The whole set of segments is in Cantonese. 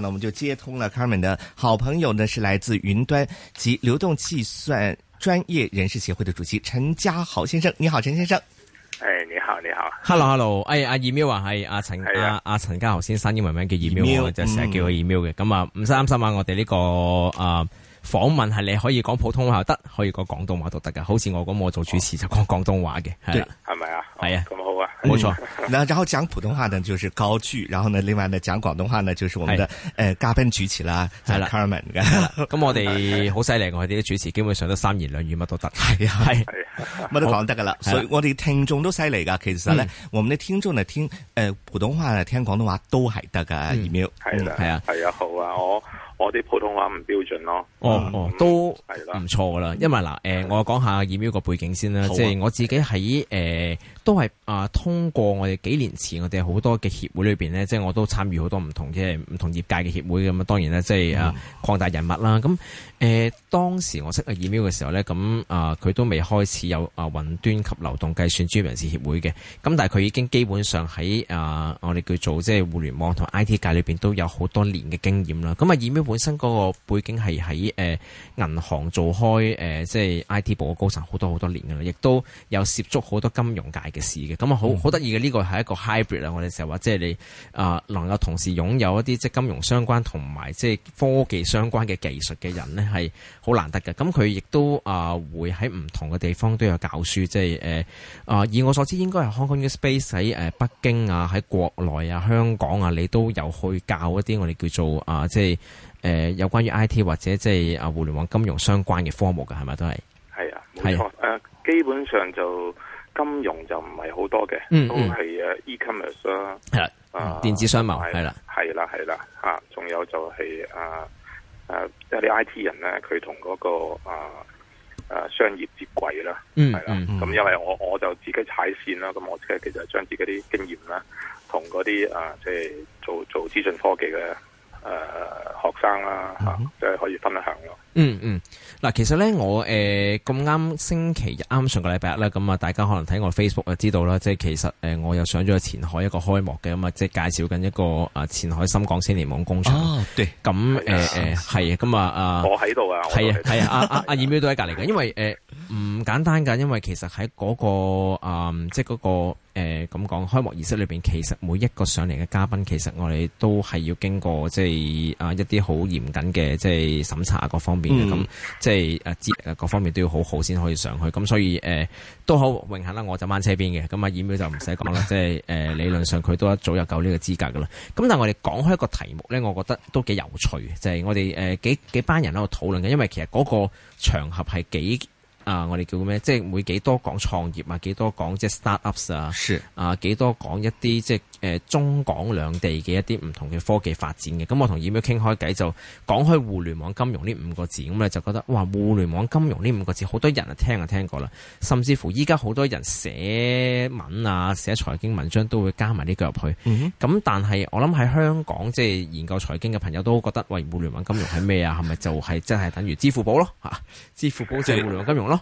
那我們就接通了 Carmen 的好朋友呢，是來自雲端及流動計算專業人士協會的主席陳家豪先生。你好，陳先生。誒，hey, 你好，你好。Hello，Hello hello.、hey, hey,。誒，阿 Emil 啊，係阿陳，係啊，阿陳家豪先生英文名叫 Emil，就成日叫我 e Emil 嘅。咁啊、嗯，唔使擔心啊，我哋呢、這個啊訪、呃、問係你可以講普通話得，可以講廣東話都得噶。好似我咁，我做主持就講廣東話嘅。係啦、oh.，係咪啊？係啊。咁、oh, 啊、好。冇錯，那然後講普通話呢，就是高句；然後呢，另外呢，講廣東話呢，就是我們的誒，嘉賓主持啦，係啦，Carmen 嘅，咁我哋好犀利，我哋啲主持基本上都三言兩語乜都得，係係乜都講得噶啦。所以我哋聽眾都犀利噶，其實咧，我哋聽眾嚟聽誒普通話嚟聽廣東話都係得噶。Email 係啦，係啊，係啊，好啊，我我哋普通話唔標準咯，哦哦，都唔錯噶啦。因為嗱，誒，我講下 Email 個背景先啦，即係我自己喺誒。都係啊！通過我哋幾年前，我哋好多嘅協會裏面，呢即係我都參與好多唔同即係唔同業界嘅協會咁啊。當然，即係、就是、啊擴大人物啦咁。誒，當時我識阿葉苗嘅時候呢，咁啊佢都未開始有啊雲端及流動計算專業人士協會嘅，咁但係佢已經基本上喺啊我哋叫做即係互聯網同 I T 界裏面都有好多年嘅經驗啦。咁啊葉苗本身嗰個背景係喺誒銀行做開誒即係 I T 部嘅高層好多好多年嘅，亦都有涉足好多金融界嘅事嘅。咁啊好好得意嘅，呢個係一個 hybrid 啊！我哋成日話即係你啊能夠同時擁有一啲即係金融相關同埋即係科技相關嘅技術嘅人呢。係好難得嘅，咁佢亦都啊會喺唔同嘅地方都有教書，即係誒啊以我所知，應該係 Hong Kong Space 喺誒北京啊，喺國內啊，香港啊，你都有去教一啲我哋叫做啊即係誒有關於 IT 或者即係啊互聯網金融相關嘅科目嘅係咪？都係係啊冇錯誒、啊、基本上就金融就唔係好多嘅，嗯嗯都係誒 e-commerce 啦係啦，電子商貿係啦係啦係啦吓，仲有就係啊。誒即係啲 I T 人咧，佢同嗰個啊誒、啊、商業接軌啦，係啦、mm。咁、hmm. 嗯嗯嗯、因為我我就自己踩線啦，咁我即係其實將自己啲經驗啦，同嗰啲啊即係、就是、做做資訊科技嘅。誒、呃，學生啦吓，即係可以分享咯、嗯。嗯嗯，嗱，其實咧，我誒咁啱星期日，啱上個禮拜日咧，咁啊，大家可能睇我 Facebook 就知道啦，即係其實誒，我又上咗前海一個開幕嘅，咁啊，即係介紹緊一個啊前海深港青年網工廠。咁誒誒，係啊，咁啊啊，我喺度啊，係啊係啊，阿阿阿二妹都喺隔籬嘅，因為誒。呃唔簡單㗎，因為其實喺嗰、那個啊、嗯，即係嗰、那個咁講、呃、開幕儀式裏邊，其實每一個上嚟嘅嘉賓，其實我哋都係要經過即係啊一啲好嚴謹嘅即係審查各方面嘅，咁、嗯、即係啊各方面都要好好先可以上去。咁所以誒、呃、都好榮幸啦，我就掹車邊嘅。咁阿演就唔使講啦，即係、呃、 理論上佢都一早有夠呢個資格㗎啦。咁但係我哋講開一個題目呢，我覺得都幾有趣，就係、是、我哋、呃、幾幾班人喺度討論嘅，因為其實嗰個場合係幾。啊！我哋叫咩？即係會幾多講創業啊，幾多講即係 startups 啊，是啊幾多講一啲即係誒、呃、中港兩地嘅一啲唔同嘅科技發展嘅。咁我同染染傾開偈就講開互聯網金融呢五個字，咁咧就覺得哇！互聯網金融呢五個字，好多人啊聽啊聽過啦，甚至乎依家好多人寫文啊、寫財經文章都會加埋呢句入去。咁、嗯嗯、但係我諗喺香港即係研究財經嘅朋友都覺得，喂，互聯網金融係咩啊？係咪就係即係等於支付寶咯？吓、啊，支付寶就係互聯網金融咯？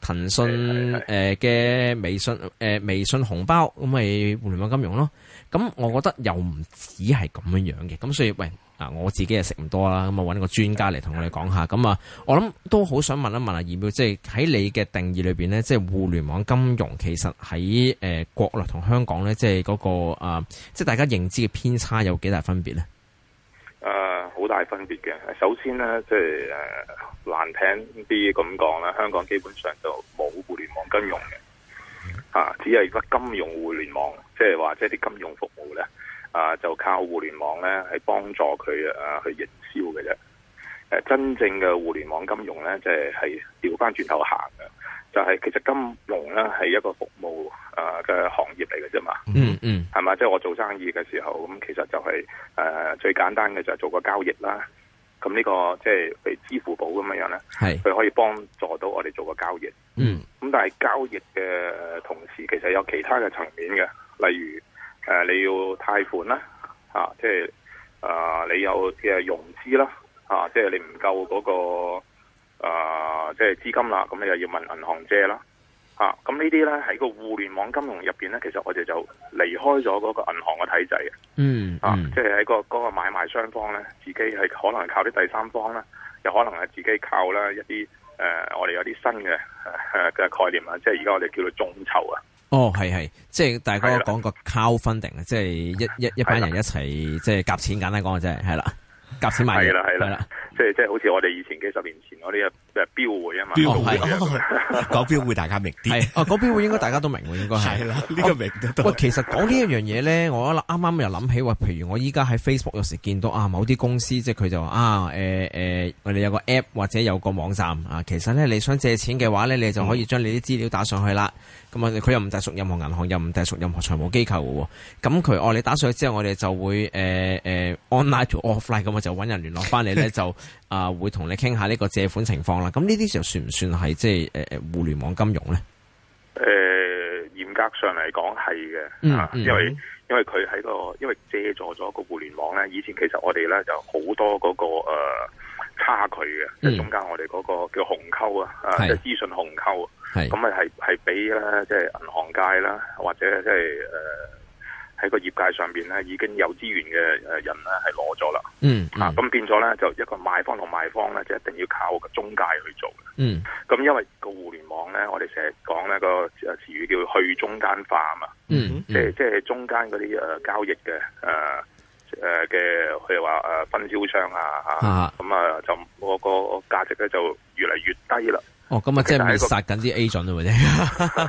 騰訊誒嘅微信誒，微信紅包咁咪互聯網金融咯咁我覺得又唔止係咁樣樣嘅，咁所以喂嗱，我自己又食唔多啦，咁啊搵個專家嚟，同我哋講下，咁啊我諗都好想問一問啊二秒，即係喺你嘅定義裏邊呢，即係互聯網金融其實喺誒國內同香港呢、就是那個呃，即係嗰個啊，即係大家認知嘅偏差有幾大分別呢？啊！好大分別嘅。首先呢，即係誒難聽啲咁講啦，香港基本上就冇互聯網金融嘅，嚇、啊，只係個金融互聯網，即係話即係啲金融服務呢，啊，就靠互聯網呢係幫助佢啊去營銷嘅啫、啊。真正嘅互聯網金融呢，即係係調返轉頭行嘅。就係其實金融咧係一個服務啊嘅、呃、行業嚟嘅啫嘛，嗯嗯，係嘛？即、就、係、是、我做生意嘅時候，咁、嗯、其實就係、是、誒、呃、最簡單嘅就係做個交易啦。咁、嗯、呢、這個即係譬如支付寶咁樣咧，係佢是可以幫助到我哋做個交易。嗯，咁、嗯、但係交易嘅同時，其實有其他嘅層面嘅，例如誒、呃、你要貸款啦，啊，即係啊、呃、你有即係融資啦，啊，即係你唔夠嗰個。誒，即係資金啦，咁你又要問銀行借啦，咁、啊、呢啲咧喺個互聯網金融入邊咧，其實我哋就離開咗嗰個銀行嘅體制嗯，嗯啊，即係喺個嗰、那個買賣雙方咧，自己係可能靠啲第三方啦，又可能係自己靠啦一啲誒、呃，我哋有啲新嘅嘅、呃、概念啊，即係而家我哋叫做眾籌啊，哦，係係，即係大家講個 Crowd Funding 啊，即係的一一一班人一齊即係夾錢，簡單講嘅係係啦，夾錢買嘢，係啦，係啦。即係即係，好似我哋以前幾十年前嗰啲啊，即係標會啊嘛。哦，係講標會，大家明啲。係啊是，講、 哦、標會應該大家都明喎，應該係啦。呢的、啊、個明、哦、喂，其實講呢一樣嘢咧，我啱啱又諗起話，譬如我依家喺 Facebook 有時見到啊，某啲公司即係佢就話啊，誒、呃、誒、呃，我哋有個 app 或者有個網站啊，其實咧你想借錢嘅話咧，你就可以將你啲資料打上去啦。咁啊、嗯，佢又唔隸屬任何銀行，又唔隸屬任何財務機構喎。咁佢哦，你打上去之後，我哋就會誒誒、呃呃、online to offline，咁我就揾人聯絡翻嚟咧就。 啊，會同你傾下呢個借款情況啦。咁呢啲時候算唔算係即係誒誒，互聯網金融咧？誒、呃，嚴格上嚟講係嘅，啊、嗯，因為、嗯、因為佢喺個因為借助咗個互聯網咧，以前其實我哋咧就好多嗰、那個誒、呃、差距嘅，即係、嗯、中間我哋嗰、那個叫鴻溝啊，啊、呃，即係是資訊鴻溝啊，咁啊係係畀咧，即係銀行界啦，或者即係誒。呃喺個業界上邊咧，已經有資源嘅誒人咧係攞咗啦。嗯啊，咁變咗咧就一個買方同賣方咧，就一定要靠個中介去做。嗯，咁因為個互聯網咧，我哋成日講咧個誒詞語叫去中間化啊嘛嗯。嗯，即係即係中間嗰啲誒交易嘅誒誒嘅譬如話誒分銷商啊啊，咁啊，啊，啊就我個價值咧就越嚟越低啦。哦，咁啊即係殺緊啲 agent 啊，或者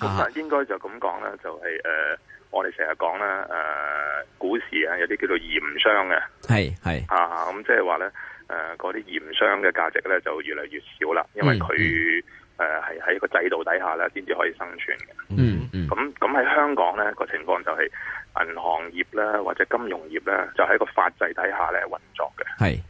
咁啊，但應該就咁講啦，就係、是、誒。呃我哋成日講咧，誒、呃、股市啊，有啲叫做鹽商嘅，係係啊，咁即係話咧，誒嗰啲鹽商嘅價值咧就越嚟越少啦，因為佢誒係喺個制度底下咧，先至可以生存嘅、嗯。嗯嗯，咁咁喺香港咧個情況就係銀行業咧或者金融業咧，就喺個法制底下咧運作嘅。係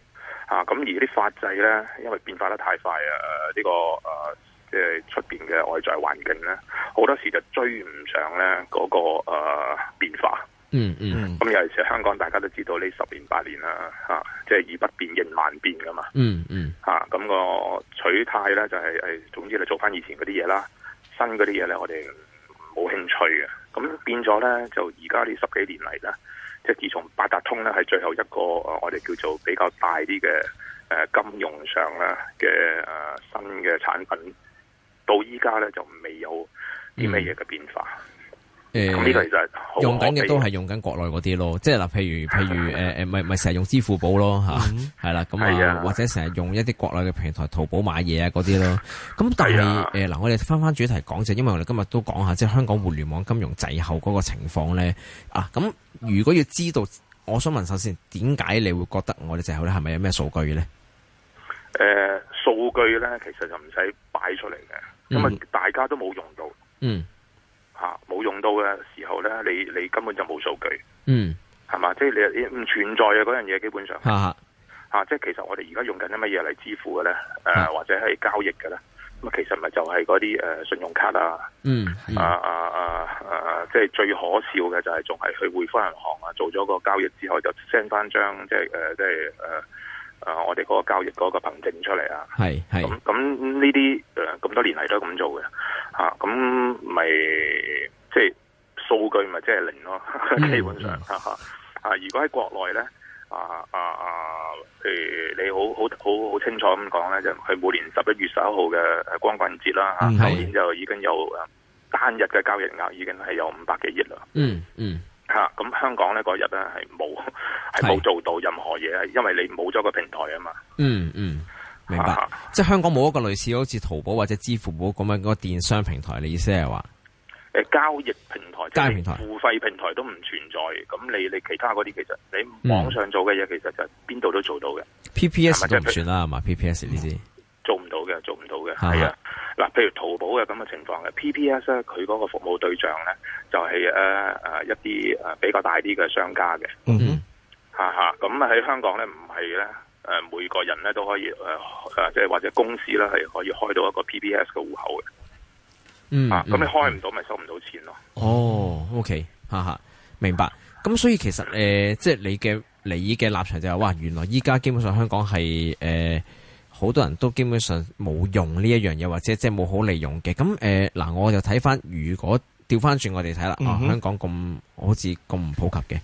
啊，咁而啲法制咧，因為變化得太快啊，呢個誒。呃即係出邊嘅外在環境咧，好多時就追唔上咧、那、嗰個誒、呃、變化。嗯嗯、mm，咁、hmm. 尤其是香港大家都知道呢十年八年啦吓，即、啊、係、就是、以不變應萬變噶嘛。嗯嗯、mm，吓、hmm. 咁、啊那個取態咧就係、是、誒，總之你做翻以前嗰啲嘢啦，新嗰啲嘢咧我哋冇興趣嘅。咁變咗咧，就而家呢十幾年嚟咧，即係自從八達通咧係最後一個誒，我哋叫做比較大啲嘅誒金融上咧嘅誒新嘅產品。到依家咧就未有啲乜嘢嘅變化。誒、嗯，呢個其實用緊嘅都係用緊國內嗰啲咯，即係嗱，譬如譬如誒誒，咪咪成日用支付寶咯吓，係啦、 嗯，咁啊的或者成日用一啲國內嘅平台，淘寶買嘢啊嗰啲咯。咁 但係誒嗱，我哋翻翻主題講就，因為我哋今日都講下即係香港互聯網金融滯後嗰個情況咧啊。咁如果要知道，我想問首先點解你會覺得我哋滯後咧？係咪有咩數據咧？誒，數據咧其實就唔使擺出嚟嘅。咁啊，嗯、大家都冇用到，嗯，吓冇、啊、用到嘅時候咧，你你根本就冇數據，嗯，係嘛，即係你你唔存在嘅嗰樣嘢，基本上吓吓，即係其實我哋而家用緊啲乜嘢嚟支付嘅咧，誒、啊啊啊、或者係交易嘅咧，咁啊其實咪就係嗰啲誒信用卡、嗯、啊，嗯啊啊啊即係最可笑嘅就係仲係去匯豐銀行啊，做咗個交易之後就 send 翻張即係誒、呃、即係誒。呃啊！我哋嗰個交易嗰個憑證出嚟啊，係係咁咁呢啲，誒，咁多年嚟都係咁做嘅，吓，咁咪即係數據咪即係零咯，基本上吓吓。啊，如果喺國內咧，啊啊啊，誒，你好好好好清楚咁講咧，就佢每年十一月十一號嘅光棍節啦，吓，今年就已經有誒單日嘅交易額已經係有五百幾億啦。嗯嗯。咁香港呢嗰日呢，係冇，係冇做到任何嘢，係因為你冇咗個平台啊嘛。嗯嗯，明白。啊、即係香港冇一個類似好似淘寶或者支付寶咁樣嗰個電商平台，你意思係話？誒，交易平台、平台交易平台、付費平台都唔存在。咁你你其他嗰啲，其實你網上做嘅嘢，其實就邊度都做到嘅、嗯。P P S、嗯、P P S 都唔算啦，係嘛？P P S 呢啲。做唔到嘅，係啊嗱，譬如淘寶嘅咁嘅情況嘅，P P S 咧，佢嗰個服務對象咧，就係誒誒一啲誒比較大啲嘅商家嘅，嗯哼，吓吓，咁喺、啊、香港咧唔係咧誒每個人咧都可以誒誒即係或者公司咧係可以開到一個 P P S 嘅戶口嘅，嗯，吓、啊，咁你開唔到咪收唔到錢咯？哦，O K，吓吓，okay，明白。咁所以其實誒、呃，即係你嘅你嘅立場就係、是、話，原來依家基本上香港係誒。呃好多人都基本上冇用呢一樣嘢，或者即係冇好利用嘅。咁誒嗱，我就睇翻，如果調翻轉我哋睇啦，嗯、哼啊，香港咁好似咁唔普及嘅，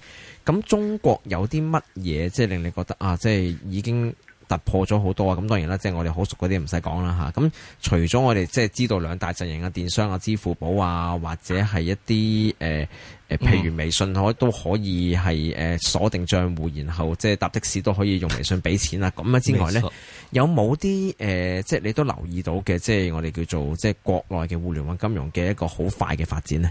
咁中國有啲乜嘢即係令你覺得啊，即係已經？突破咗好多啊！咁當然啦，即係我哋好熟嗰啲唔使講啦吓，咁除咗我哋即係知道兩大陣營嘅電商啊，支付寶啊，或者係一啲誒、呃、譬如微信可都可以係誒鎖定帳戶，嗯、然後即係搭的士都可以用微信俾錢啦。咁樣 之外呢，錯有冇啲誒即係你都留意到嘅，即係我哋叫做即係國內嘅互聯網金融嘅一個好快嘅發展呢？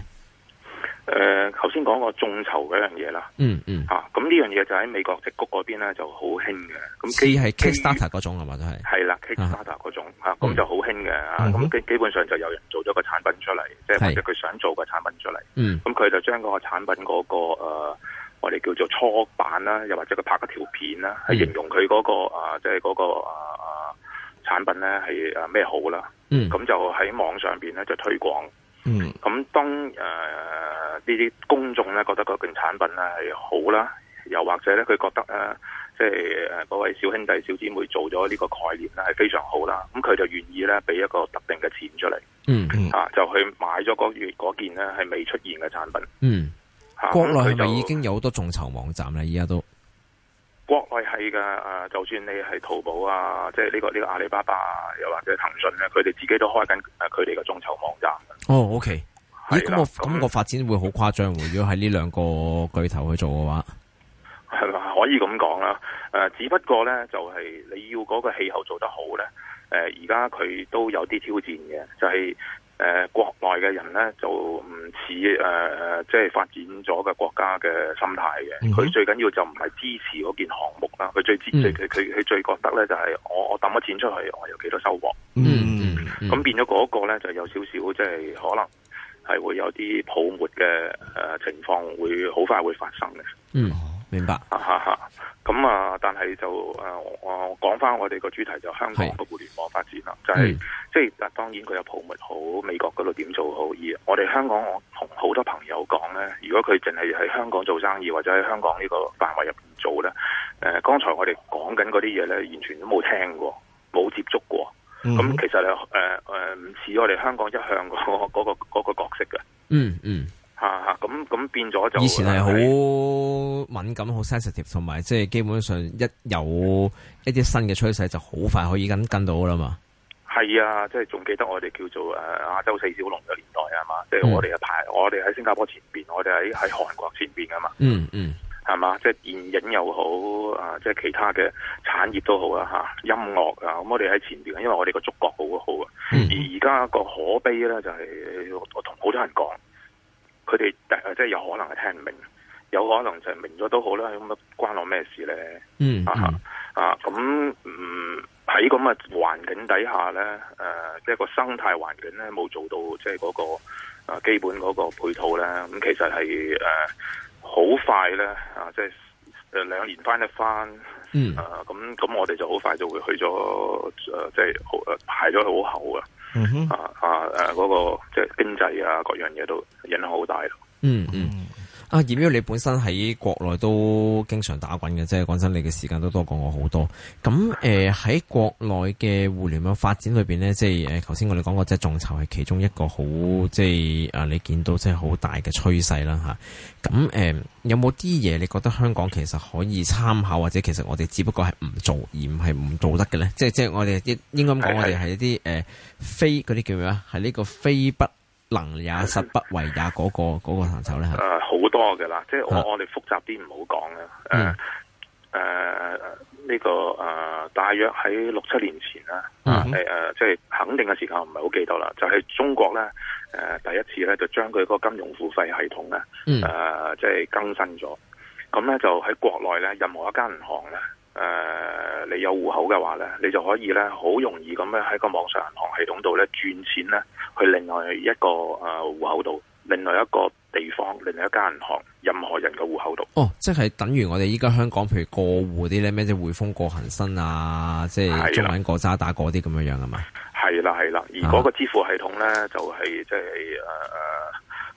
誒，頭先講個眾籌嗰樣嘢啦，嗯嗯，吓咁呢樣嘢就喺美國矽谷嗰邊咧就好興嘅，咁似係 Kickstarter 嗰種啊，或都係係啦 Kickstarter 嗰種吓，咁就好興嘅，咁基基本上就有人做咗個產品出嚟，即係或者佢想做個產品出嚟，咁佢就將嗰個產品嗰個誒，我哋叫做初版啦，又或者佢拍一條片啦，形容佢嗰個啊，即係嗰個啊產品咧係誒咩好啦，咁就喺網上邊咧就推廣。嗯，咁當誒呢啲公眾咧覺得嗰件產品咧係好啦，又或者咧佢覺得咧、呃，即係嗰位小兄弟小姐妹做咗呢個概念咧係非常好啦，咁佢就願意咧俾一個特定嘅錢出嚟，嗯，嗯，啊就去買咗嗰月嗰件咧係未出現嘅產品，嗯，國內係咪已經有好多眾籌網站咧？依家都。國內係噶誒，就算你係淘寶啊，即係呢個呢個阿里巴巴啊，又或者騰訊咧，佢哋自己都開緊誒，佢哋嘅眾籌網站。哦，OK，咦，咁個咁個發展會好誇張？如果係呢兩個巨頭去做嘅話，係咪可以咁講啦。誒，只不過咧就係你要嗰個氣候做得好咧。誒，而家佢都有啲挑戰嘅，就係。誒、呃、國內嘅人咧，就唔似誒即係發展咗嘅國家嘅心態嘅。佢、嗯、哼最緊要就唔係支持嗰件項目啦。佢最最佢佢佢最覺得咧，就係、是、我我抌咗錢出去，我有幾多收穫。嗯，嗯，嗯，嗯，咁變咗嗰個咧，就有少少即係可能係會有啲泡沫嘅誒、呃、情況，會好快會發生嘅。嗯。明白，吓哈咁啊，但係就誒，啊啊、我講翻我哋個主題就香港個互聯網發展啦，是就係即係，當然佢有泡沫，好美國嗰度點做好，而我哋香港我同好多朋友講咧，如果佢淨係喺香港做生意，或者喺香港個範圍呢個範圍入邊做咧，誒、呃，剛才我哋講緊嗰啲嘢咧，完全都冇聽過，冇接觸過，咁、嗯、哼其實咧，誒、呃、誒，唔、呃、似我哋香港一向嗰嗰、嗰個、嗰個嗰個角色嘅、嗯，嗯嗯。啊，咁咁變咗就是，以前係好敏感，好 sensitive，同埋即係基本上一有一啲新嘅趨勢，就好快可以跟跟到噶啦嘛。係啊，即係仲記得我哋叫做誒亞、啊、洲四小龍嘅年代啊嘛，即係，就是，我哋嘅排，嗯、我哋喺新加坡前邊，我哋喺喺韓國前邊噶嘛。嗯嗯，係嘛，即、就、係、是、電影又好啊，即、就、係、是、其他嘅產業都好啊。吓，音樂啊，咁我哋喺前邊，因為我哋個觸角好好啊。嗯、而而家個可悲咧，就係、是，我同好多人講。佢哋誒即係有可能係聽唔明，有可能就係明咗都好啦，咁乜關我咩事咧、嗯？嗯啊，咁嗯喺咁嘅環境底下咧，誒、呃、即係個生態環境咧冇做到即係嗰、個啊基本嗰個配套咧，咁其實係誒好快咧啊，即係誒兩年翻一翻，嗯啊咁咁我哋就好快就會去咗誒、呃、即係排咗好厚啊！嗯哼，啊啊誒，嗰個即係經濟啊，各樣嘢都影響好大咯。嗯嗯。啊！葉於你本身喺國內都經常打滾嘅，即係講真，你嘅時間都多過我好多。咁誒喺國內嘅互聯網發展裏面呢，即係誒頭先我哋講過，即係眾籌係其中一個好，即係啊、呃、你見到即係好大嘅趨勢啦吓，咁、啊、誒、呃、有冇啲嘢你覺得香港其實可以參考，或者其實我哋只不過係唔做，而唔係唔做得嘅咧？即係即係我哋應應該咁講，是是我哋係一啲誒、呃、非嗰啲叫咩啊？係呢個非，不能也，實不為也、那個，嗰、嗯、個行個咧，好、呃、多嘅啦，即係我我哋複雜啲唔好講啦，誒呢、嗯呃這個誒、呃、大約喺六七年前啦、嗯哼呃，即係肯定嘅時間唔係好記得啦，就係、是、中國咧誒、呃、第一次咧就將佢個金融付費系統咧誒、呃、即係更新咗，咁咧就喺國內咧任何一間銀行咧。誒、呃，你有戶口嘅話咧，你就可以咧好容易咁樣咧喺個網上銀行系統度咧轉錢咧去另外一個誒戶口度，另外一個地方，另外一間銀行，任何人嘅戶口度。哦，即係等於我哋依家香港，譬如過戶啲咧咩嘅匯豐過恒生啊，即係中銀過渣打嗰啲咁樣樣啊嘛。係啦係啦，而嗰個支付系統咧就係即係誒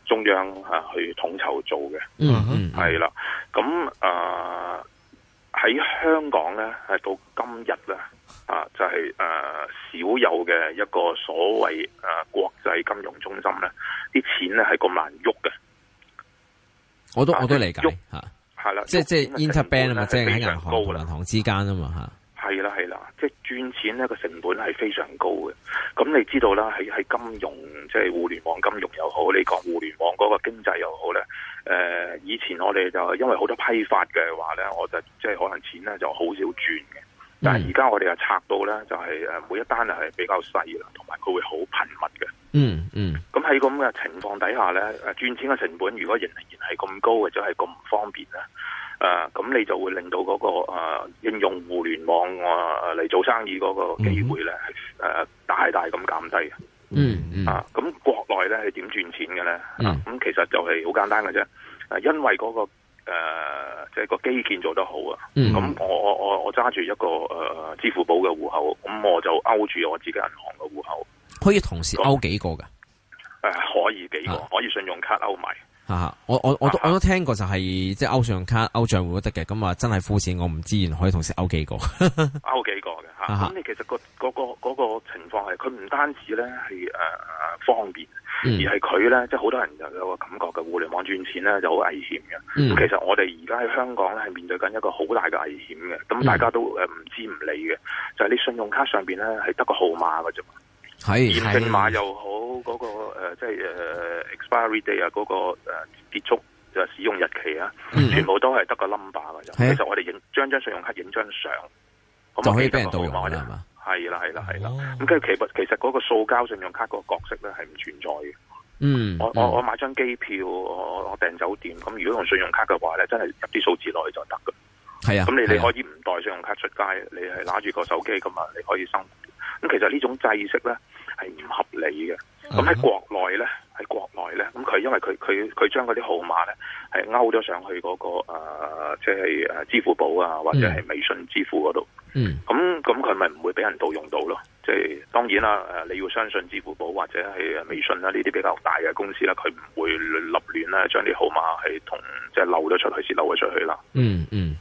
中央去統籌做嘅、嗯。嗯哼，係啦，咁啊。呃喺香港咧，係到今日咧，啊，就係、是、誒、啊、少有嘅一個所謂誒、啊、國際金融中心啦，啲錢咧係咁難喐嘅。我都我都理解吓，係啦，即係即係 interbank 啊嘛，即係喺銀行銀行之間啊嘛吓。係啦係啦，即係轉錢咧個成本係非常高嘅。咁、就是、你知道啦，喺喺金融，即係互聯網金融又好，你講互聯網嗰個經濟又好咧。誒，以前我哋就因為好多批發嘅話咧，我就即係可能錢咧就好少轉嘅。嗯、但係而家我哋就拆到咧，就係誒每一單係比較細啦，同埋佢會好頻密嘅、嗯。嗯嗯。咁喺咁嘅情況底下咧，轉錢嘅成本如果仍然係咁高，或者係咁唔方便咧，誒、呃，咁你就會令到嗰、那個誒、呃、應用互聯網我、啊、嚟做生意嗰個機會咧，誒、嗯呃，大大咁減低。嗯嗯啊，咁國內咧係點賺錢嘅咧？咁、嗯啊、其實就係好簡單嘅啫，因為嗰、那個誒，即、呃、係、就是、個基建做得好、嗯、啊。咁我我我我揸住一個誒、呃、支付寶嘅戶口，咁我就勾住我自己銀行嘅戶口。可以同時勾幾個㗎？誒、啊，可以幾個？啊、可以信用卡勾埋。我我我都我都聽過就係即係歐信用卡、歐賬、啊、戶都得嘅，咁啊真係膚淺我唔知，然可以同時歐幾個，歐 幾個嘅吓。咁、啊啊、你其實、個、嗰個、嗰個情況係佢唔單止咧係誒方便，嗯、而係佢咧即係好多人就有個感覺嘅，互聯網轉錢咧就好危險嘅。咁、嗯、其實我哋而家喺香港咧係面對緊一個好大嘅危險嘅，咁大家都誒唔知唔理嘅，嗯、就係你信用卡上邊咧係得個號碼噶啫。係驗證碼又好，嗰個即係 expiry day 啊，嗰、那個呃、個結束就、那個、使用日期啊，嗯、全部都係得個 number 嘅。啫、啊。其實我哋影張信用卡影張相，可就可以俾人盜用啦，係嘛？係啦、啊，係啦、啊，係啦、啊。咁跟住其實其實嗰個塑膠信用卡個角色咧係唔存在嘅。嗯，我我我買張機票我，我訂酒店。咁如果用信用卡嘅話咧，真係入啲數字落去就得㗎。係啊，咁你哋可以唔帶信用卡出街，你係拿住個手機㗎嘛，你可以生活。咁其實呢種制式咧，係唔合理嘅，咁喺國內咧，喺國內咧，咁佢因為佢佢佢將嗰啲號碼咧，係勾咗上去嗰、嗰個誒、呃，即係誒，支付寶啊，或者係微信支付嗰度，咁咁佢咪唔會俾人盜用到咯？即係當然啦，誒，你要相信支付寶或者係微信啦，呢啲比較大嘅公司啦，佢唔會立亂啦，將啲號碼係同即係漏咗出去，洩漏咗出去啦。嗯嗯，嗯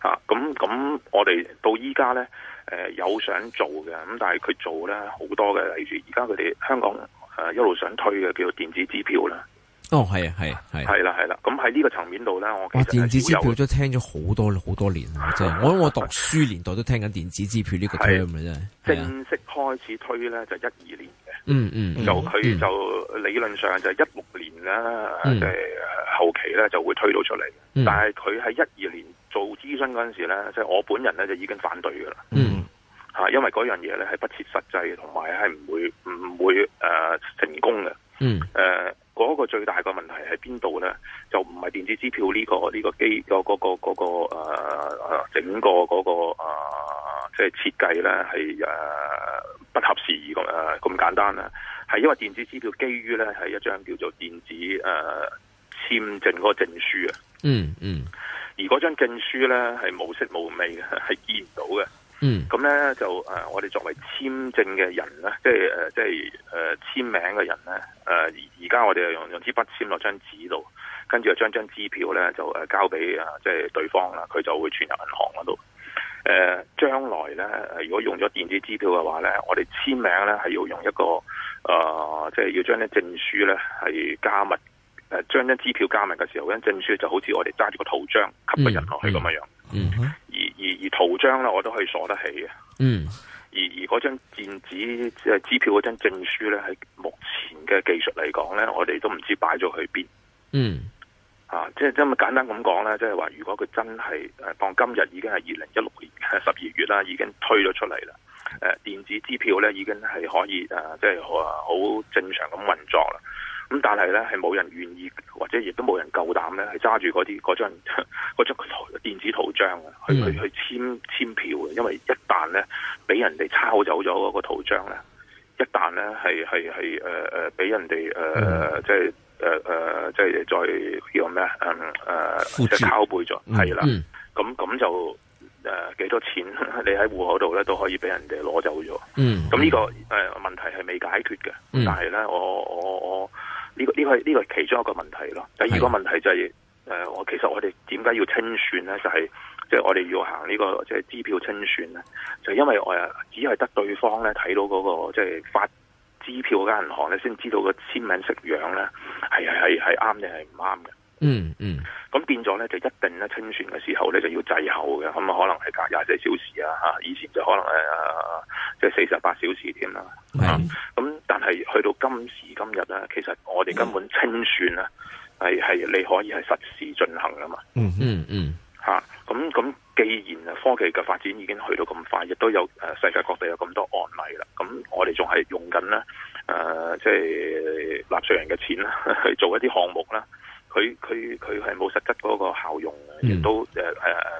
啊，咁咁，我哋到依家咧。誒、呃，有想做嘅，咁但係佢做咧好多嘅，例如而家佢哋香港誒、呃、一路想推嘅叫做電子支票啦。哦，係啊，係係係啦，係啦、啊。咁喺、啊啊、呢個層面度咧，哦、我哇，電子支票都聽咗好多好多年啦，真係。我我讀書年代都聽緊電子支票呢個推 e r m 嘅啫。真啊、正式開始推咧就一二年嘅、嗯，嗯嗯，就佢就理論上就一六年啦，誒、嗯、後期咧就會推到出嚟，嗯、但係佢喺一二年。做諮詢嗰陣時咧，即、就、係、是、我本人咧就已經反對嘅啦。嗯，因為嗰樣嘢咧係不切實際，同埋係唔會唔會、呃、成功嘅。嗯，嗰、呃那個最大嘅問題係邊度咧？就唔係電子支票呢、這個呢、這個、機嗰、那個、那個呃、整個嗰、那個即、呃那個呃、設計咧係、呃、不合時宜咁誒咁簡單啦。係因為電子支票基於咧係一張叫做電子誒、呃、簽證嗰個證書啊、嗯。嗯嗯。而嗰張證書咧係無色無味嘅，係見唔到嘅。嗯，咁咧就誒，我哋作為簽證嘅人咧，即係誒、呃，即係誒、呃、簽名嘅人咧，誒而家我哋用用支筆簽落張紙度，跟住就將張支票咧就誒交俾啊，即、呃、係、就是、對方啦，佢就會存入銀行嗰度。誒、呃，將來咧，如果用咗電子支票嘅話咧，我哋簽名咧係要用一個誒，即、呃、係、就是、要將啲證書咧係加密。誒，將張、啊、支票加埋嘅時候，張證書就好似我哋揸住個圖章，吸個人落去咁樣樣、嗯。嗯，嗯嗯嗯而而而圖章咧，我都可以鎖得起嘅。嗯，而而嗰張電子誒支票嗰張證書咧，喺目前嘅技術嚟講咧，我哋都唔知擺咗去邊。嗯，啊，嗯、啊即係即係咁簡單咁講咧，即係話如果佢真係誒、啊，當今日已經係二零一六年十二 月啦，已經推咗出嚟啦。誒、啊，電子支票咧已經係可以誒、啊，即係好正常咁運作啦。咁但係咧，係冇人願意，或者亦都冇人夠膽咧，係揸住嗰啲嗰張嗰張電子圖章啊，去去去簽簽票啊，因為一旦咧俾人哋抄走咗嗰個圖章咧，一旦咧係係係誒誒俾人哋誒、呃嗯、即係誒誒即係再叫咩啊誒，即係抄、呃、接背咗，係啦，咁咁就誒幾、呃、多錢你喺戶口度咧都可以俾人哋攞走咗。嗯，咁呢、這個誒、呃、問題係未解決嘅，嗯、但係咧，我我我。我呢、這個呢、這個呢、這個係其中一個問題咯。第二個問題就係、是、誒，我、呃、其實我哋點解要清算咧？就係即係我哋要行呢、這個即係、就是、支票清算咧，就因為誒只係得對方咧睇到嗰、那個即係、就是、發支票嗰間銀行咧，先知道個簽名式樣咧，係係係啱定係唔啱嘅。嗯嗯，咁、嗯、變咗咧就一定咧清算嘅時候咧就要滯後嘅，咁、嗯、可能係隔廿四小時啊吓，以前就可能誒即係四十八小時點、啊、啦，咁的、啊、但係去到今時今日咧，其實我哋根本清算咧係係你可以係實時進行噶嘛，嗯嗯嗯吓，咁咁、啊、既然科技嘅發展已經去到咁快，亦都有誒世界各地有咁多案例啦，咁我哋仲係用緊咧誒即係納稅人嘅錢啦去做一啲項目啦。佢佢佢係冇實質嗰個效用，亦都誒誒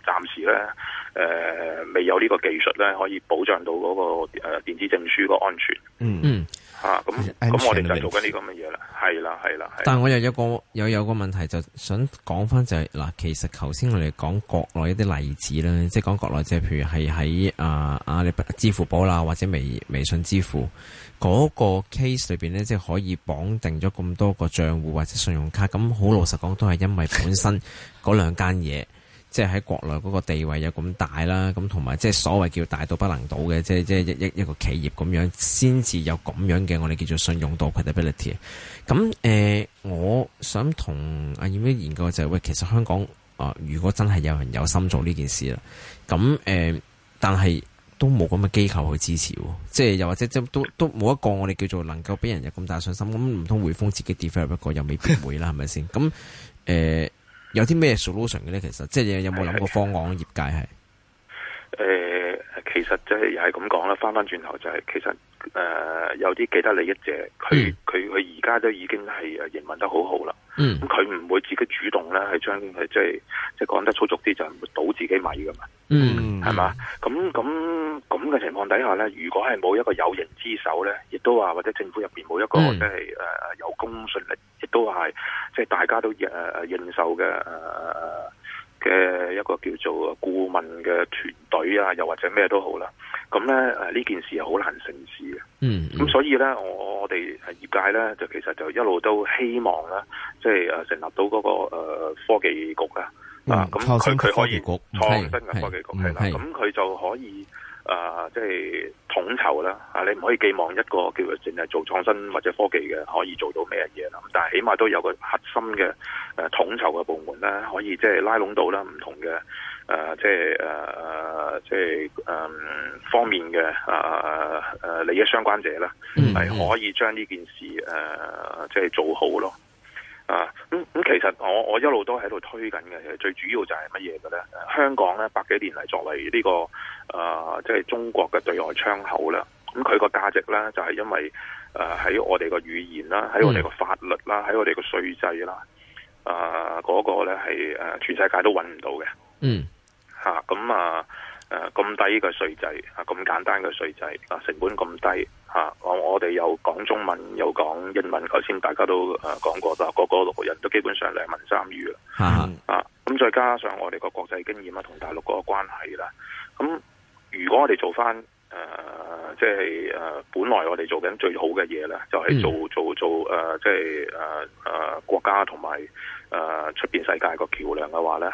暫時咧誒、呃、未有呢個技術咧可以保障到嗰個誒電子證書個安全。嗯嗯。啊，咁咁 I 'm 我哋就做緊呢個乜嘢啦？係啦，係啦。但係我又有個又有個問題，就想講翻就係、是、嗱，其實頭先我哋講國內一啲例子啦，即係講國內即係譬如係喺啊阿里、啊、支付寶啦，或者微微信支付嗰、那個 case 裏邊呢即係、就是、可以綁定咗咁多個賬戶或者信用卡，咁好老實講，都係因為本身嗰兩間嘢。 即係喺國內嗰個地位有咁大啦，咁同埋即係所謂叫大到不能倒嘅，即即一一個企業咁樣，先至有咁樣嘅我哋叫做信用度 credibility。咁誒、呃，我想同阿燕咩研究就係喂，其實香港啊、呃，如果真係有人有心做呢件事啦，咁誒、呃，但係都冇咁嘅機構去支持喎，即係又或者都都冇一個我哋叫做能夠俾人有咁大的信心，咁唔通匯豐自己 develop 一個又未必會啦，係咪先？咁誒。呃有啲咩 solution 嘅咧？其實即係你有冇諗過方案？的業界係。誒、呃，其實即係又係咁講啦，翻翻轉頭就係、是、其實誒、呃，有啲既得利益者，佢佢佢而家都已經係誒營運得很好好啦。嗯，咁佢唔會自己主動咧，係將係即係即係講得粗俗啲，就係唔會倒自己米噶嘛。嗯，係嘛？咁咁咁嘅情況底下咧，如果係冇一個有形之手咧，亦都話或者政府入邊冇一個即係誒有公信力，亦都係即係大家都誒、呃、認受嘅誒。呃嘅一個叫做顧問嘅團隊啊，又或者咩都好啦，咁咧誒呢、啊、件事係好難成事嘅，嗯，咁所以咧我我哋業界咧就其實就一路都希望咧，即係誒成立到嗰、那個、呃、科技局、嗯、啊，啊、嗯，咁佢佢可以創新嘅科技局，係啦，咁佢、嗯、就可以。啊，即係統籌啦！啊，你唔可以寄望一個叫做淨係做創新或者科技嘅，可以做到咩嘢啦？但係起碼都有個核心嘅，誒、啊、統籌嘅部門啦，可以即係拉攏到啦唔同嘅，誒、啊、即係誒、啊、即係誒、啊、方面嘅，誒、啊、誒、啊、利益相關者啦，係、mm hmm. 可以將呢件事誒、啊、即係做好咯。啊，咁咁、uh, 其實我我一路都喺度推緊嘅，最主要就係乜嘢嘅咧？香港咧百幾年嚟作為呢、這個啊，即係、就是、中國嘅對外窗口啦。咁佢個價值咧就係、是、因為誒喺、啊、我哋個語言啦，喺我哋個法律啦，喺我哋個稅制啦，啊嗰、那個咧係誒全世界都揾唔到嘅。嗯、mm. uh,，吓咁啊誒咁低嘅稅制啊，咁簡單嘅稅制啊，成本咁低。吓、啊，我我哋有講中文，有講英文，頭先大家都誒講、啊、過啦，啊、個個六個人都基本上兩文三語啦。 啊，咁再加上我哋個國際經驗啦，同大陸個關係啦，咁、啊、如果我哋做翻誒，即係誒，本來我哋做緊最好嘅嘢咧，就係、是、做 做做誒，即係誒誒，國家同埋誒出邊世界個橋樑嘅話咧。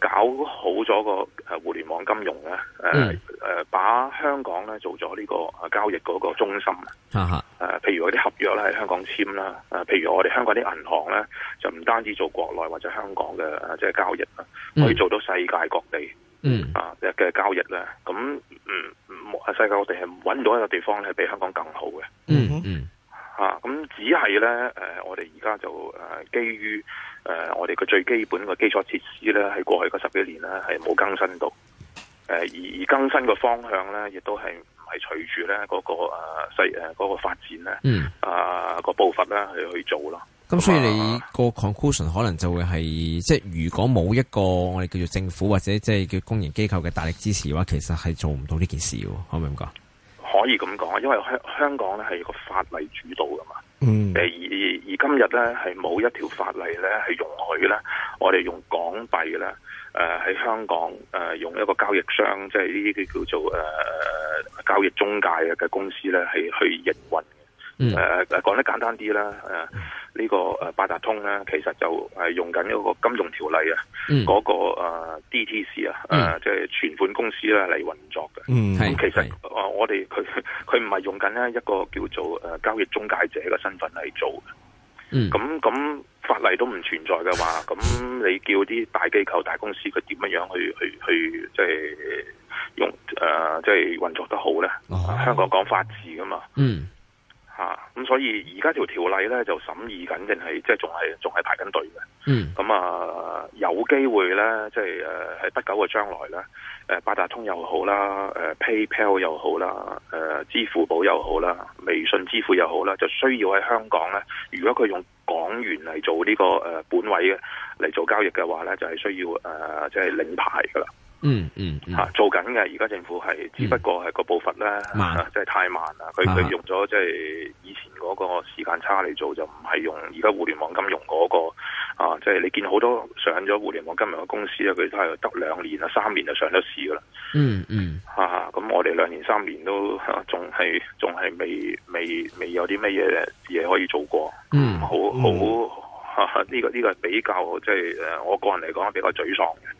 搞好咗個誒互聯網金融咧，誒誒、嗯，把香港咧做咗呢個交易嗰個中心啊吓，誒，譬如嗰啲合約咧喺香港簽啦，誒，譬如我哋香港啲銀行咧就唔單止做國內或者香港嘅即係交易啦，可以做到世界各地，嗯啊嘅交易咧，咁嗯，世界我哋係揾到一個地方係比香港更好嘅，嗯嗯哼吓，咁、啊、只係咧誒，我哋而家就誒基於。誒、呃，我哋個最基本嘅基礎設施咧，喺過去嗰十幾年咧，係冇更新到。誒、呃，而更新個方向咧，亦都係唔係隨住咧嗰個誒細誒嗰個發展咧，嗯，啊、呃那個步伐啦去去做咯。咁、嗯、話所以你個 conclusion 可能就會係，即係如果冇一個我哋叫做政府或者即係叫公營機構嘅大力支持嘅話，其實係做唔到呢件事。可唔可以咁講？可以咁講，因為香香港咧係個法例主導噶嘛。誒、嗯、而而而今日咧係冇一條法例咧係容許咧，我哋用港幣咧，誒、呃、喺香港誒、呃、用一個交易商，即係呢啲叫做誒、呃、交易中介嘅公司咧，係去營運。誒誒、嗯啊、講得簡單啲啦，誒、啊、呢、呢個誒八達通咧，其實就用緊一個金融條例啊，嗰、嗯嗰個 DTC 啊，即係存款公司啦嚟運作嘅。咁、嗯、其實是、呃、我哋佢佢唔係用緊咧一個叫做誒、啊、交易中介者嘅身份嚟做嘅。咁咁、嗯、法例都唔存在嘅話，咁、嗯、你叫啲大機構、大公司佢點樣樣去去去即係用誒即係運作得好咧？香港講法治噶嘛。嗯啊，咁所以而家條條例咧就審議緊，定係即係仲係仲係排緊隊嘅。嗯，咁啊有機會咧，即係誒喺不久嘅將來咧，誒、啊、八達通又好啦，誒、啊、PayPal 又好啦，誒、啊、支付寶又好啦，微信支付又好啦，就需要喺香港咧，如果佢用港元嚟做呢個誒本位嘅嚟做交易嘅話咧，就係需要誒即係領牌噶啦。嗯嗯吓、嗯啊、做緊嘅，而家政府係只不過係個步伐咧、嗯、慢，即係、啊、太慢啦。佢佢用咗即係以前嗰個時間差嚟做，就唔係用而家互聯網金融嗰、嗰個啊。即、就、係、是、你見好多上咗互聯網金融嘅公司咧，佢都係得兩年啊、三年就上咗市噶啦、嗯。嗯嗯吓，咁、啊、我哋兩年三年都仲係仲係未未未有啲乜嘢嘢可以做過。嗯，嗯，好好吓呢、嗯啊呢個呢、呢個比較即係誒，我個人嚟講比較沮喪嘅。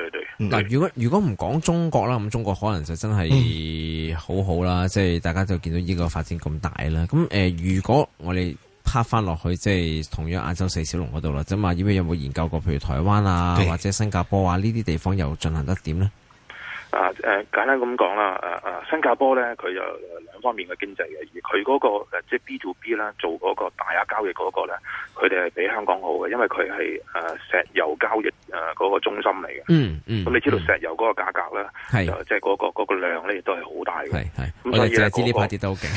嗱，如果如果唔講中國啦，咁中國可能就真係好好啦，即係、嗯、大家就見到依個發展咁大啦。咁如果我哋拍翻落去，即係同樣亞洲四小龍嗰度啦，咁啊，依邊有冇研究過？譬如台灣啊，或者新加坡啊，呢啲地方又進行得點呢、啊呃？啊簡單咁講啦，誒新加坡咧，佢有兩方面嘅經濟嘅，而佢嗰、誒即係 B to B 啦，做嗰個大額交易嗰個咧，佢哋係比香港好嘅，因為佢係、呃、石油交易。誒，嗰個中心嚟嘅。嗯嗯。咁你知道石油嗰個價格啦，係即係嗰個嗰個量咧，亦都係好大嘅。係係。我哋淨係知呢啲跌得好勁。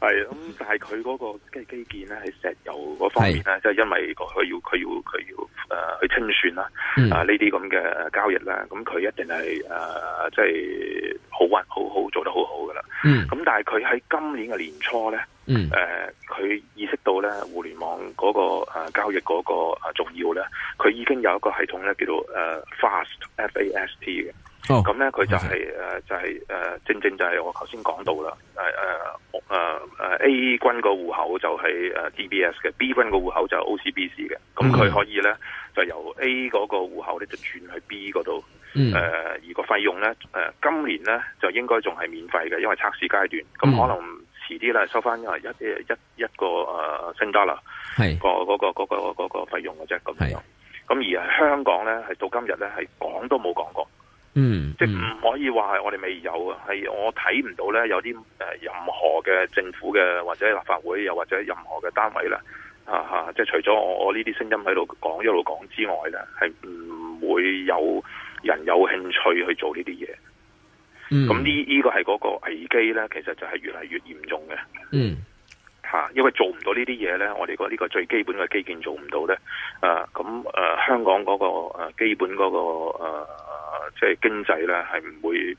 係咁，但係佢嗰個即係基建咧，喺石油嗰方面咧，即係因為佢要佢要佢要誒去清算啦，啊呢啲咁嘅交易啦，咁佢一定係誒即係好運好好做得好好噶啦。嗯。咁但係佢喺今年嘅年初咧。嗯，誒、呃，佢意識到咧互聯網嗰、那個、啊、交易嗰、那個、啊、重要咧，佢已經有一個系統咧叫做誒、呃、Fast F A S T 嘅。哦，咁咧佢就係、是、誒白、呃、就係、是、誒、呃、正正就係我頭先講到啦。誒誒誒誒 A 軍個戶口就係 DBS 嘅，B 軍個戶口就係 O C B C 嘅。咁佢、嗯、可以咧就由 A 嗰個戶口咧就轉去 B 嗰度。嗯。呃、而個費用咧誒、呃，今年咧就應該仲係免費嘅，因為測試階段。咁可能、嗯。而啲啦，收翻一一一,一,一個誒升加啦，啊是嗰個嗰、嗰個嗰、嗰個嗰、嗰個嗰個費用嘅啫咁樣。咁是而香港咧，係到今日咧係講都冇講過，嗯，即係唔可以話係我哋未有啊，係、嗯、我睇唔到咧有啲誒、呃、任何嘅政府嘅或者立法會又或者任何嘅單位啦啊嚇，即係除咗我我呢啲聲音喺度講一路講,講之外咧，係唔會有人有興趣去做呢啲嘢。咁呢呢個係嗰個危機咧，其實就係越嚟越嚴重嘅。嗯，吓，因為做唔到呢啲嘢咧，我哋講呢個最基本嘅基建做唔到咧，啊，咁、啊、誒，香港嗰個誒基本嗰、嗰個誒、啊，即係經濟咧係唔會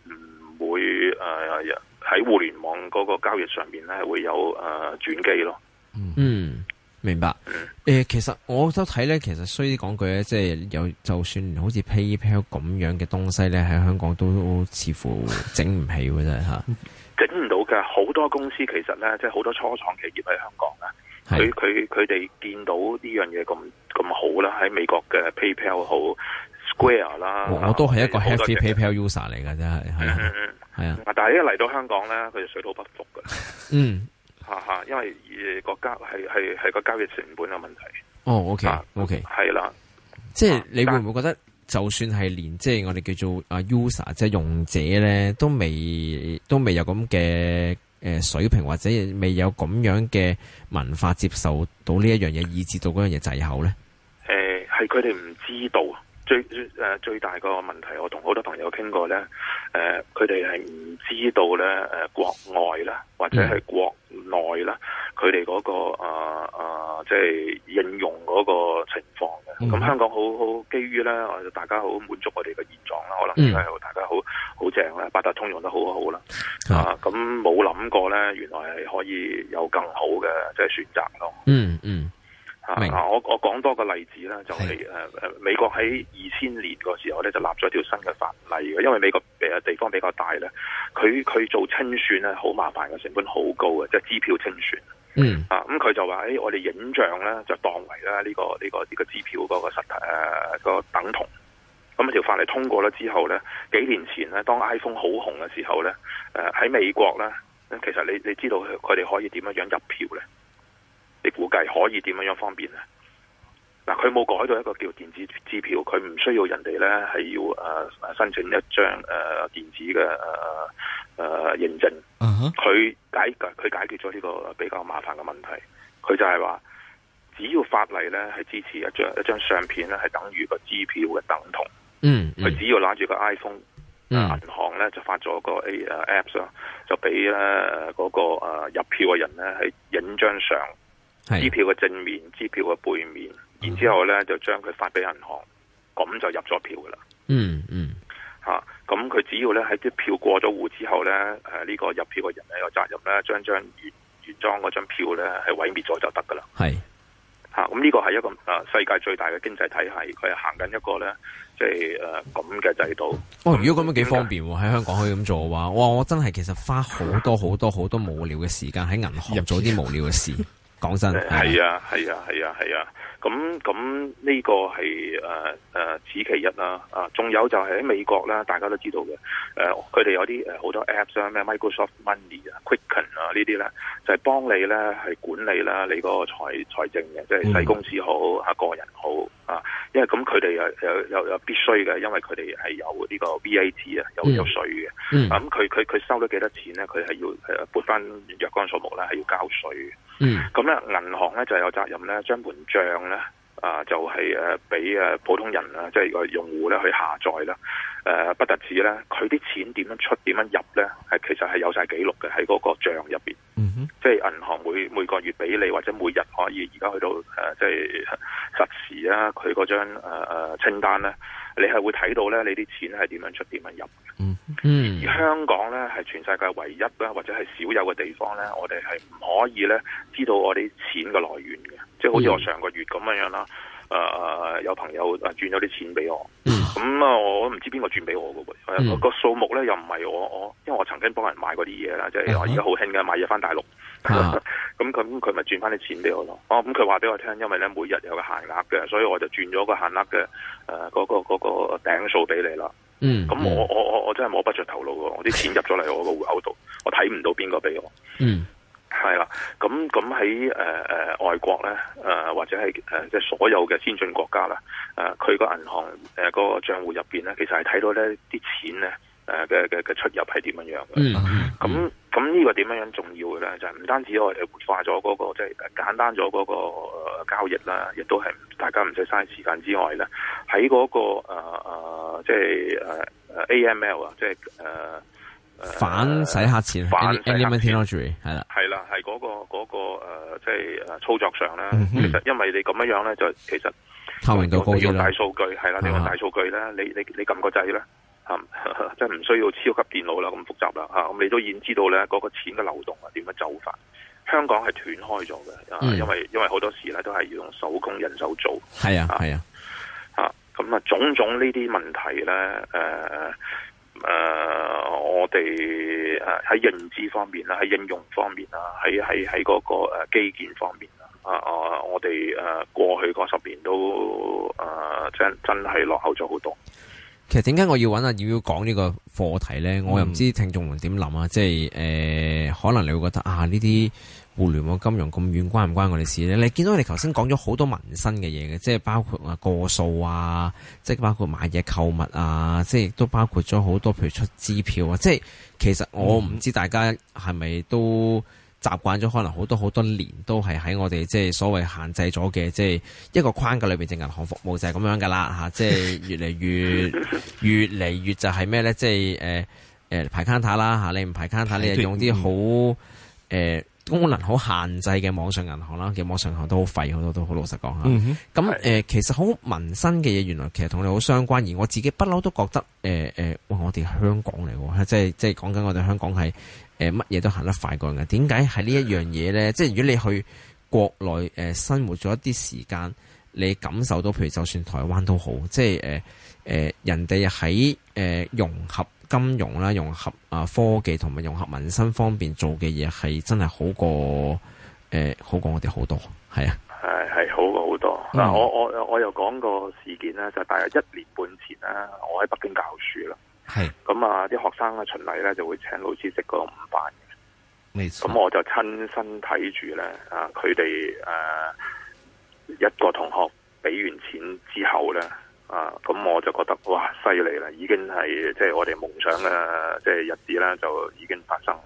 唔會誒喺、啊、互聯網嗰個交易上面咧會有誒轉機咯。嗯。嗯明白，誒、呃，其實我都睇咧，其實衰啲講句咧，即、就、係、是、有，就算好似 PayPal 咁樣嘅東西咧，喺香港都似乎整唔起嘅真係吓，整唔到噶。好多公司其實咧，即係好多初創企業喺香港啦，佢佢佢哋見到呢樣嘢咁咁好啦，喺美國嘅 PayPal 好 Square 啦、嗯、啊、我都係一個 Happy PayPal User 嚟㗎。真係、嗯，係啊，嗯、啊但係一嚟到香港咧，佢就水土不服噶，嗯。吓哈！因為國家係係係個交易成本嘅問題哦，OK，OK，係啦。即係你會唔會覺得就是，就算係連即係我哋叫做啊 user 即係用者咧，都未都未有咁嘅誒水平，或者未有咁樣嘅文化接受到呢一樣嘢，以至到嗰樣嘢滯後咧？誒係佢哋唔知道。啊。最最最大個問題，我同好多朋友傾過咧，誒佢哋係唔知道咧誒國外啦，或者係國內啦，佢哋嗰個啊啊、呃呃，即係應用嗰個情況嘅。咁、嗯、香港好好基於咧，我、呃、哋大家好滿足我哋嘅現狀啦，可能因為大家好好正啦，八、嗯、達通用得好好啦，啊咁冇諗過咧，原來係可以有更好嘅即係選擇咯、嗯。嗯嗯。啊！我我講多個例子啦，就係誒誒，美國喺二千年個時候咧就立咗條新嘅法例嘅，因為美國誒地方比較大咧，佢佢做清算咧好麻煩，個成本好高嘅，即係支票清算。嗯。啊，咁佢就話，誒，我哋影像咧就當為啦，呢個呢個呢個支票嗰個實體誒個等同。咁條法例通過咗之後咧，幾年前咧，當 iPhone 好紅嘅時候咧，誒喺美國咧，其實你你知道佢佢哋可以點樣樣入票咧？你估計可以點樣樣方便啊？嗱，佢冇改到一個叫電子支票，佢唔需要人哋咧係要誒、呃、申請一張誒、呃、電子嘅誒誒認證。佢、uh huh. 解，解決佢解決咗呢個比較麻煩嘅問題。佢就係話，只要法例咧係支持一張一張相片咧係等於個支票嘅等同。嗯、mm，佢、hmm. 只要攬住個 iPhone，銀行呢，mm hmm. 就發咗個 A 啊 Apps 就俾咧嗰個入票嘅人呢係影張相。是支票嘅正面、支票嘅背面，然之後咧就將佢發俾銀行，咁就入咗票噶啦、嗯。嗯嗯，吓咁佢只要咧喺啲票過咗戶之後咧，誒、這、呢個入票嘅人咧有責任咧將張原原裝嗰張票咧係毀滅咗就得噶啦。係。吓咁呢個係一個誒世界最大嘅經濟體系，佢係行緊一個咧即係誒咁嘅制度。哦，如果咁樣幾方便喎，喺香港可以咁做嘅話，哇！我真係其實花好多好多好多無聊嘅時間喺銀行入咗啲無聊嘅事。 講真，係啊，係啊，係啊，係啊。咁咁呢個係誒誒此其一啦。啊、呃，仲有就係喺美國啦，大家都知道嘅。誒、呃，佢哋有啲誒好多 apps 啊，咩 Microsoft Money 啊、Quicken 啊呢啲咧，就係、是、幫你咧係管理啦你嗰個財財政嘅，即係細公司好啊，嗯、個人好啊。因為咁佢哋又又又必須嘅，因為佢哋係有呢個 VAT 啊，有有稅嘅。咁佢佢佢收咗幾多錢咧？佢係要誒撥翻若干數目咧，係要交稅。嗯，咁咧銀行咧就有責任咧，將盤帳咧啊，就係誒俾誒普通人啊，即係個用戶咧去下載啦。誒不特止咧，佢啲錢點樣出、點樣入咧，係其實係有晒記錄嘅喺嗰個帳入邊，嗯嗯即係銀行每每個月俾你，或者每日可以而家去到誒即係實時啊，佢嗰張誒清單咧。你係會睇到咧，你啲錢係點樣出，點樣入嘅。嗯嗯，而香港咧係全世界唯一啦，或者係少有嘅地方咧，我哋係唔可以咧知道我啲錢嘅來源嘅。即係好似我上個月咁樣啦。誒、呃、有朋友誒轉咗啲錢俾我，咁啊、嗯嗯、我唔知邊個轉俾我嘅喎，個數目咧又唔係我我，因為我曾經幫人買過啲嘢啦，即係而家好興嘅買嘢翻大陸，咁佢咁佢咪轉翻啲錢俾我咯？哦、啊，咁佢話俾我聽，因為咧每日有個限額嘅，所以我就轉咗個限額嘅誒嗰個嗰、嗰個頂數俾你啦。嗯，咁、嗯、我我我我真係摸不着頭腦喎，我啲錢入咗嚟我個戶口度， 我睇唔到邊個俾我。嗯。係啦，咁咁喺誒誒外國咧，誒、呃、或者係誒即係所有嘅先進國家啦，誒、呃、佢、呃那個銀行誒個賬戶入邊咧，其實係睇到咧啲錢咧誒嘅嘅嘅出入係點樣樣嘅。嗯，咁咁呢個點樣樣重要嘅咧，就係、是、唔單止我哋活化咗嗰、那個即係、就是、簡單咗嗰、那個、呃、交易啦，亦都係大家唔使嘥時間之外咧，喺嗰、那個誒誒即係誒誒 A M L 啊，即係誒。呃就是呃反洗黑錢，反 technology 係啦，係啦，係嗰、那個嗰、那個誒，即係誒操作上咧，嗯、哼其實因為你咁樣樣咧，就其實透明度高啲用大數據係啦，用大數據咧，你、啊、你你撳個掣咧，即係唔需要超級電腦啦，咁複雜啦吓，我、啊、你都已知道咧嗰個錢嘅流動啊，點樣走法？香港係斷開咗嘅、啊嗯，因為因為好多時咧都係要用手工人手做。係啊係啊，咁的啊種種呢啲問題咧誒。呃誒、呃，我哋喺認知方面啦，喺應用方面啊，喺喺喺嗰個誒基建方面啊，啊、呃，我哋誒過去嗰十年都誒、呃，真真係落後咗好多。其實點解我要揾、嗯、啊，要講呢個課題咧？我又唔知聽眾們點諗啊，即係誒，可能你會覺得啊，呢啲。互聯網金融咁遠關唔關我哋事呢？你見到你頭先講咗好多民生嘅嘢嘅，即係包括啊過數啊，即係包括買嘢購物啊，即係都包括咗好多譬如出支票啊，即係其實我唔知大家係咪都習慣咗，可能好多好多年都係喺我哋即係所謂限制咗嘅，即係一個框架裏面嘅銀行服務就係咁樣噶啦嚇，即係越嚟越越嚟越就係咩呢？即係誒誒排 counter 啦嚇，你唔排 counter 你係用啲好誒。呃功能好限制嘅網上銀行啦，嘅網上銀行都好廢，好多都好老實講嚇。咁、嗯哼呃、其實好民生嘅嘢，原來其實同你好相關。而我自己不嬲都覺得誒哇、呃呃！我哋香港嚟喎，即係即係講緊我哋香港係乜嘢都行得快過人嘅。點解係呢一樣嘢咧？即係如果你去國內、呃、生活咗一啲時間，你感受到譬如就算台灣都好，即係、呃、人哋喺、呃、融合。金融啦，融合啊科技同埋融合民生方面做嘅嘢，係真係好過誒、呃，好過我哋好多，係啊，係係好過好多。嗱、嗯，我我我又講個事件咧，就係、大約一年半前啦，我喺北京教書啦，係咁啊，啲學生啊，巡禮咧就會請老師食個午飯，嘅，咩意思咁我就親身睇住咧，啊，佢哋誒一個同學俾完錢之後。啊，咁我就覺得哇，犀利啦！已經係即係我哋夢想嘅，即係日子啦，就已經發生啦。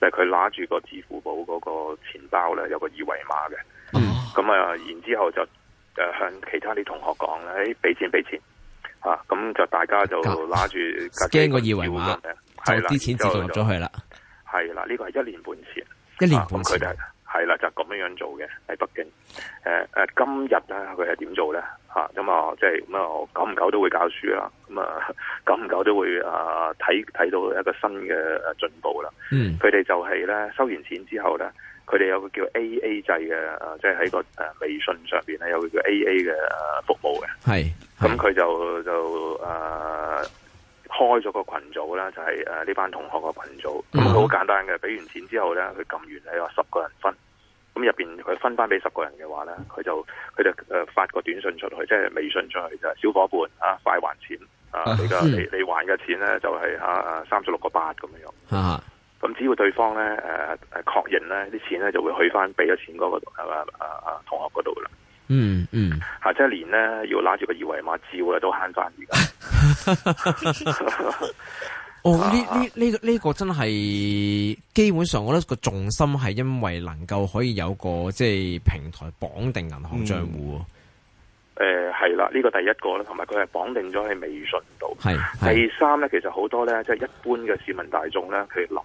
就係佢拿住個支付寶嗰個錢包咧，有個二維碼嘅。嗯。咁啊，然之後就誒向其他啲同學講咧，誒俾錢俾錢吓，咁就大家就拿住驚個二維碼，就啲錢就入咗去啦。係啦，呢個係一年半前，一年半前。係啦，就咁、是、樣樣做嘅喺北京。誒、呃、誒，今日咧佢係點做咧？吓咁啊，即係咁啊，就是、我久唔久都會教書啦。咁啊，久唔久都會啊睇睇到一個新嘅進步啦。嗯，佢哋就係咧收完錢之後咧，佢哋有個叫 A A 制嘅，即係喺個誒、呃、微信上邊咧有個叫 A A 嘅服務嘅。係，咁佢、嗯、就就誒。啊開咗個群組啦，就係誒呢班同學個群組，咁佢好簡單嘅，俾完錢之後咧，佢撳完你話十個人分，咁入邊佢分翻俾十個人嘅話咧，佢就佢就誒發個短信出去，即係微信出去就係，小伙伴啊，快還錢啊，你個你，你還嘅錢咧就係啊三十六個八咁樣樣，啊，咁只要對方咧誒誒確認咧，啲錢咧就會去翻俾咗錢嗰個係啊啊同學嗰度啦，嗯嗯，吓即係連咧要拉住個二維碼照啊都慳翻而家。 哦，呢呢呢呢個真係基本上，我覺得個重心係因為能夠可以有個即係、就是、平台綁定銀行賬戶，嗯呃係啦，呢、這個第一個咧，同埋佢係綁定咗喺微信度。係第三咧，其實好多咧，即係一般嘅市民大眾咧，佢諗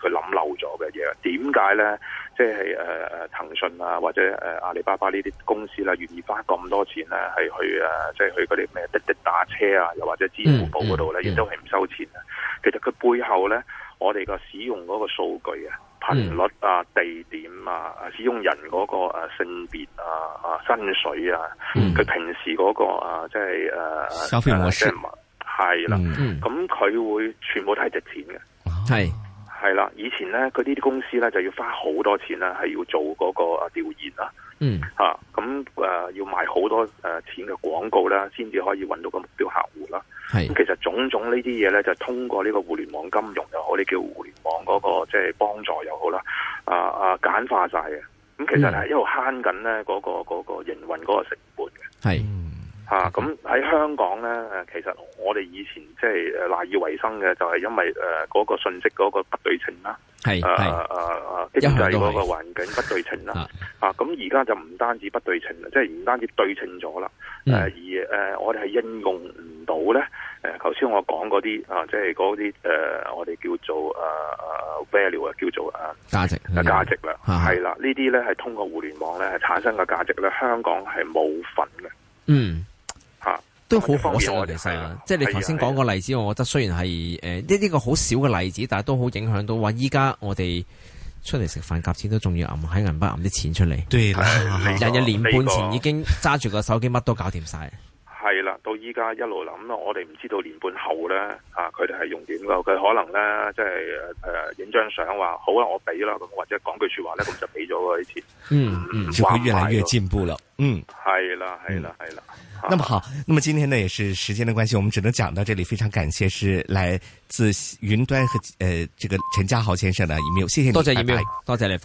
佢諗漏咗嘅嘢。點解咧？即係誒誒，騰訊啊，或者誒、呃、阿里巴巴呢啲公司啦、啊，願意花咁多錢咧、啊，係去誒，即、啊、係、就是、去嗰啲咩滴滴打車啊，又或者支付寶嗰度咧，亦、嗯嗯、都係唔收錢啊。嗯、其實佢背後咧，我哋個使用嗰個數據啊。頻率啊、地點啊、使用人嗰個、啊、性別啊、啊薪水啊，佢、嗯、平時嗰個啊即係誒消費模式係啦，咁佢會全部都係值錢嘅，係係啦。以前咧，佢呢啲公司咧就要花好多錢啦，係要做嗰個啊調研啦、啊。嗯，吓咁誒，要賣好多誒錢嘅廣告啦，先至可以搵到個目標客戶啦。係咁是，其實種種呢啲嘢咧，就通過呢個互聯網金融又好，你叫互聯網嗰個即係幫助又好啦。啊啊，簡化晒嘅，咁其實係一路慳緊咧嗰個嗰個營運嗰個成本嘅。係、嗯。啊，咁喺香港咧，其實我哋以前即係賴以為生嘅，就係因為誒嗰個信息嗰個不對稱啦，係係係經濟嗰個環境不對稱啦。啊，咁而家就唔單止不對稱啦，即係唔單止對稱咗啦。誒而誒，我哋係應用唔到咧。誒，頭先我講嗰啲啊，即係嗰啲誒，我哋叫做誒誒 value 啊，叫做啊價值啊價值啦，係啦，呢啲咧係通過互聯網咧係產生嘅價值咧，香港係冇份嘅。嗯。吓，都好可惜啊！其實，即係你頭先講個例子，我覺得雖然係誒呢呢個好少嘅例子，但係都好影響到話，依家我哋出嚟食飯夾錢都仲要揞喺銀包揞啲錢出嚟。對，人嘅年半前已經揸住個手機，乜都搞掂晒。係啦，到依家一路諗，啦我哋唔知道年半後咧，吓佢哋係用點噶？佢可能咧即係誒影張相話，好啦，我俾啦咁，或者講句說話咧，咁就俾咗啲錢。嗯嗯，就越嚟越進步咯。嗯，係啦，係啦，係啦。那麼好，那麼今天呢，也是時間的關係，我們只能講到這裏。非常感謝，是來自雲端和呃這個陳家豪先生的一面，有謝謝心情？多謝，謝你，疫苗拜，多謝來訪。